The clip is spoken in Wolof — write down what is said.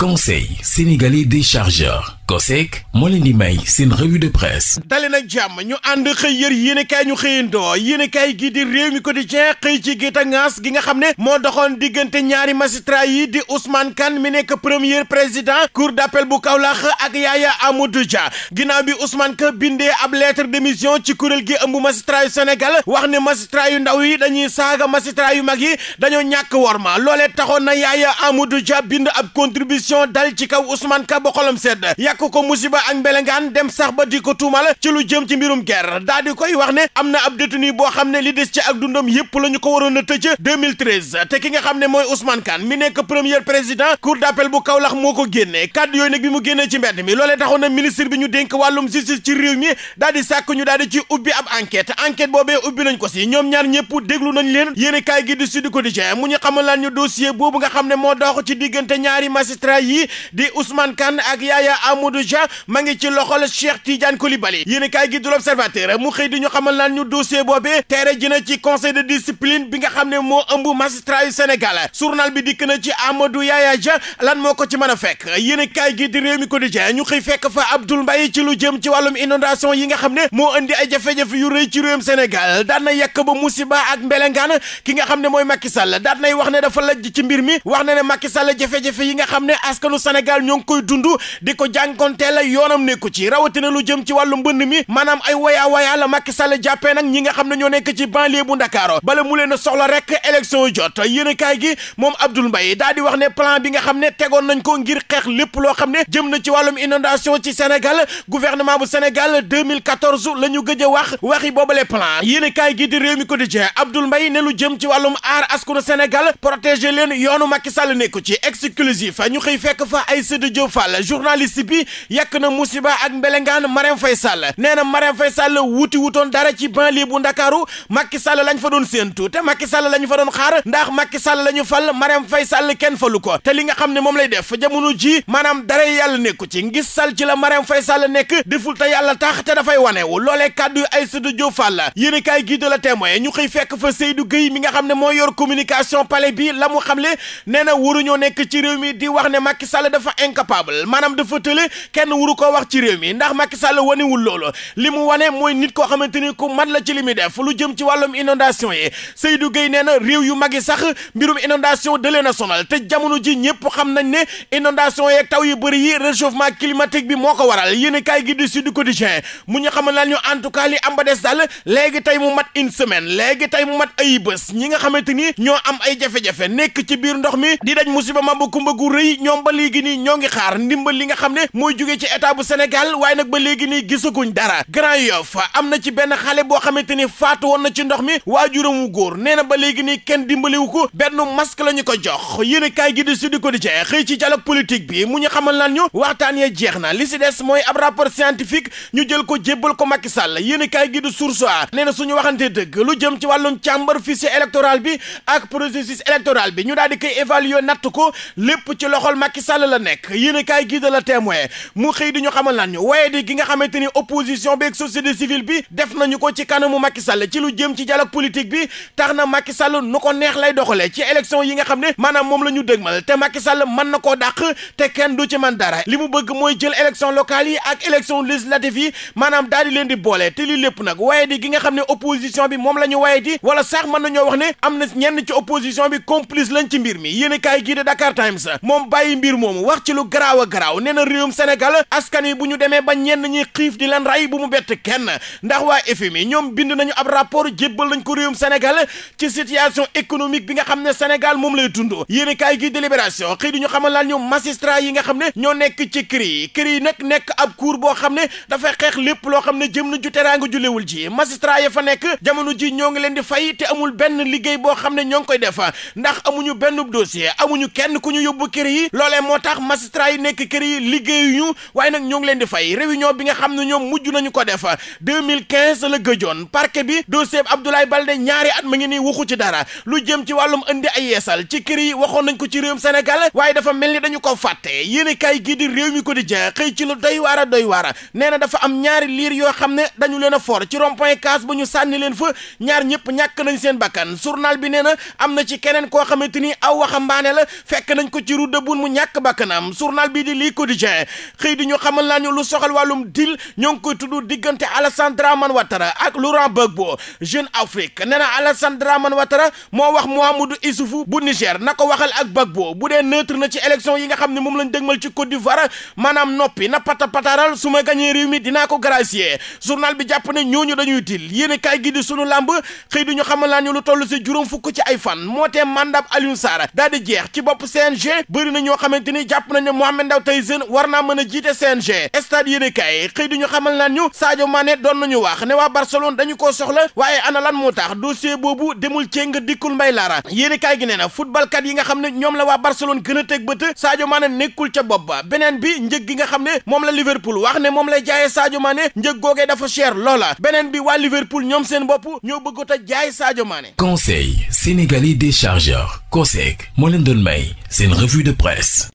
conseil sénégalais des chargeurs COSEC moo leen di may seen revue de presse dali jàmm ñu ànd xëy yër yéenekaay ñu xëyandoo yéenekaay gi di réew mi quotidien xëy ci gétt a gi nga xam ne moo doxoon diggante ñaari magistrat yi di Ousmane kan mi nekk premier président cour d'appel bu Kaolack ak Yaya Amadou Dia ginnaaw bi Ousmane Kane bindee ab lettre de démission ci kuréel gi ëmb magistrat yu Sénégal wax ne magistrat yu ndaw yi dañuy saaga magistrat yu mag yi dañoo ñàkk worma loolee taxoon na bind ab contribution perquisition dal ci kaw Ousmane Ka ba xolam sedd yàq ko musiba ak mbelengaan dem sax ba di ko tuumal ci lu jëm ci mbirum guerre daa di koy wax ne am na ab détenu boo xam ne li des ci ak dundam yépp la ñu ko waroon a tëj 2013 te ki nga xam ne mooy Ousmane Kane mi nekk premier président cour d'appel bu Kaolack moo ko génnee kàddu yooyu nag bi mu génnee ci mbedd mi loolee taxoon na ministre bi ñu dénk wàllum justice ci réew mi daal di sàkk ñu daal di ci ubbi ab enquête enquête boobee ubbi nañ ko si ñoom ñaar ñëpp déglu nañ leen yéen i kaay gi di Sud Quotidien mu ñu xamal laan ñu dossier boobu nga xam ne moo dox ci diggante ñaari magistrat candidat yi di Ousmane Kane ak Yaya Amadou ja ma ngi ci loxol Cheikh Tidiane Coulibaly yéen a kaay gi du l'Observateur mu xëy di ñu xamal naan ñu dossier boobee teere ji na ci conseil de discipline bi nga xam ne moo ëmb magistrat yu Sénégal journal bi dikk na ci Amadou Yaya Dia lan moo ko ci mën a fekk yéen a kaay gi di Rewmi Quotidien ñu xëy fekk fa Abdoul Mbaye ci lu jëm ci wàllum inondation yi nga xam ne moo indi ay jafe-jafe yu rëy ci réewum Sénégal daan na yàq ba musiba ak mbelengaan ki nga xam ne mooy Macky Sall daan nay wax ne dafa lajj ci mbir mi wax na ne Macky Sall jafe-jafe yi nga xam ne askanu Sénégal ñoo ngi koy dund di ko jànkontee la yoonam nekku ci rawatina lu jëm ci wàllu mbënn mi maanaam ay wayaa wayaa la Macky Sall jàppee nag ñi nga xam ne ñoo nekk ci banlieue bu Ndakaaru bala mu leen a soxla rek élection yu jot yéen kaay gi moom Abdoul Mbaye daal di wax ne plan bi nga xam ne tegoon nañ ko ngir xeex lépp loo xam ne jëm na ci wàllum inondation ci Sénégal gouvernement bu Sénégal 2014 la ñu gëj a wax waxi boobale plan yéen kaay gi di réew mi quotidien Abdoul Mbaye ne lu jëm ci wàllum aar askanu Sénégal protéger leen yoonu Macky Sall nekku ci exclusif ñu xëy fekk fa ay Aïssatou Diop Fall journaliste bi yàq na musiba ak mbelengaan Marème fay Sall nee na Marème Faye Sall wuti wutoon dara ci banlieue bu Ndakaaru Macky Sall lañ fa doon séentu te Macky Sall lañ fa doon xaar ndax makki Sall la ñu fal Marème Faye Sall kenn falu ko te li nga xam ne moom lay de def jamono ji maanaam dara yàlla nekku ci ngis sal ci la Marème fay Sall nekk deful te yàlla tax te dafay wanewu loolee kàddu Aïssatou Diop Fall yéen a kaay gii de la témoin ñu xëy fekk fa Seydou Guèye mi nga xam ne moo yor communication palais bi la mu xamle nee na waruñoo nekk ci réew mi di wax Macky Sall dafa incapable maanaam dafa tële kenn wuru ko wax ci réew mi ndax Macky Sall wanewul loolu li mu wane mooy nit koo xamante ni ku mat la ci li de def lu jëm ci wàllum inondation yi Seydou Gueye nee na réew yu mag yi sax mbirum inondation dalee na sonal te jamono ji ñëpp xam nañ ne inondation yeeg taw yi bëri yi réchauffement climatique bi moo ko waral yéen a kaay gi di Sud Quotidien mu ñu xamal naal ñu en tout cas li am ba des daal léegi tey mu mat une semaine léegi tey mu mat ay bés ñi nga xamante ni ñoo am ay jafe nekk ci biir ndox mi di daj musiba ma bu kumba gu rëy ñoom ñoom ba léegi nii ñoo ngi xaar ndimbal li nga xam ne mooy jóge ci état bu Sénégal waaye nag ba léegi nii gisaguñ dara Grand Yoff am na ci benn xale boo xamante ni faatu woon na ci ndox mi waajuram wu góor nee na ba léegi nii kenn dimbaliwu ko benn masque la ñu ko jox yéen a kaay gi di Sud Quotidien xëy ci dialogue politique bi mu ñu xamal naan ñu waxtaan ya jeex na li si des mooy ab rapport scientifique ñu jël ko jébbal ko Macky Sall yéen a kaay gi di Source A nee na suñu waxante dëgg lu jëm ci wàllum càmbar fichier électoral bi ak processus électoral bi ñu daal di koy évaluer natt ko lépp ci loxol Macky Sall la nekk yéenekaay gi da la témoin mu xëy di ñu xamal naan ñu waaye di gi nga xamante ni opposition bi ak bi def nañu ko ci kanamu Macky Sall ci lu jëm ci dialogue politique bi tax na Macky Sall nu ko neex lay doxalee ci élection yi nga xam ne maanaam moom la ñu dëgmal te Macky Sall mën na ko dàq te kenn du ci man dara li mu bëgg mooy jël élection locale yi ak élection législative yi maanaam daal di leen di boole te lii lépp nag waaye di gi nga xam ne opposition bi moom la ñu waaye di wala sax mën nañoo wax ne am na ñenn ci opposition bi complice lañ ci mbir mi yéenekaay gi de Dakar Times ay mbir moomu wax ci lu garaaw garaaw nee na réewum Sénégal askan yi bu ñu demee ba ñenn ñuy xiif di leen rey bu mu bett kenn ndax waa FMI ñoom bind nañu ab rapport jébbal nañ ko réewum Sénégal ci situation économique bi nga xam ne Sénégal moom lay dund yéen kaay gi délibération xëy di ñu xamal laan ñu magistrat yi nga xam ne ñoo nekk ci kër yi kër yi nag nekk ab cour boo xam ne dafay xeex lépp loo xam ne jëm na ju teraanga ju léwul ji magistrat ya fa nekk jamono ji ñoo ngi leen di fay te amul benn liggéey boo xam ne ñoo ngi koy def ndax amuñu benn dossier amuñu kenn ku ñu yóbbu kër yi loole moo tax magistrat yi nekk kër yi liggéeyuñu waaye nag ñoo ngi leen di fay réunion bi nga xam ne ñoom mujj nañu ko def 2015 la gëjoon parquet bi dossier Abdoulaye Balde ñaari at ma ngi nii waxu ci dara lu jëm ci wàllum indi ay yeesal ci kër yi waxoon nañ ko ci réewum Sénégal waaye dafa mel ni dañu ko fàtte yéen kay gii di réew mi ko di jeex xëy ci lu doy waara doy waara nee na dafa am ñaari liir yoo xam ne dañu leen a for ci rond-point Case ba ñu sànni leen fa ñaar ñëpp ñàkk nañ seen bakkan journal bi nee na am na ci keneen koo xamante ni aw waxambaane la fekk nañ ko ci route de Boune ñàkk bakkanam journal bi di lii quotidien xëy di ñu xamal naa ñu lu soxal wàllum dil ñoo ngi koy tudd diggante Alassane Dramane Ouattara ak Laurent Gbagbo Jeune Afrique nee na Alassane Dramane Ouattara moo wax mu Mouhamadou Issoufou bu Niger na ko waxal ak Gbagbo bu dee neutre na ci élection yi nga xam ne moom lañ dëgmal ci Côte d'Ivoire maanaam noppi na pata pataral su ma gañee réew mi dinaa ko gracier surnal bi jàpp ne ñooñu dañuy dil yéen kaay gi di sunu làmb xëy di ñu xamal naa ñu lu toll si juróom fukk ci ay fan moo tee mandat Aliou Sarr daal di jeex ci bopp CNG bëri na ñoo xamante ni jàpp nañu Mohamed Ndao Tyson war naa mën a jiite CNG stade yéen kay xëy di ñu xamal naan ñu Sadio Mané doon nañu wax ne waa Barcelone dañu koo soxla waaye ana lan moo tax dossier boobu demul nga dikkul mbay laara yéen kay gi nee na footballkat yi nga xam ne ñoom la waa Barcelone gën a teg bët Sadio Mané nekkul ca bopp ba beneen bi njëg gi nga xam ne moom la Liverpool wax ne moom lay jaayee Sadio Mané njëg googee dafa cher loola beneen bi waa Liverpool ñoom seen bopp ñoo bëggoon a jaay Sadio Mané. Conseil sénégalais des chargeurs COSEC moo leen doon may seen revue de presse. Yes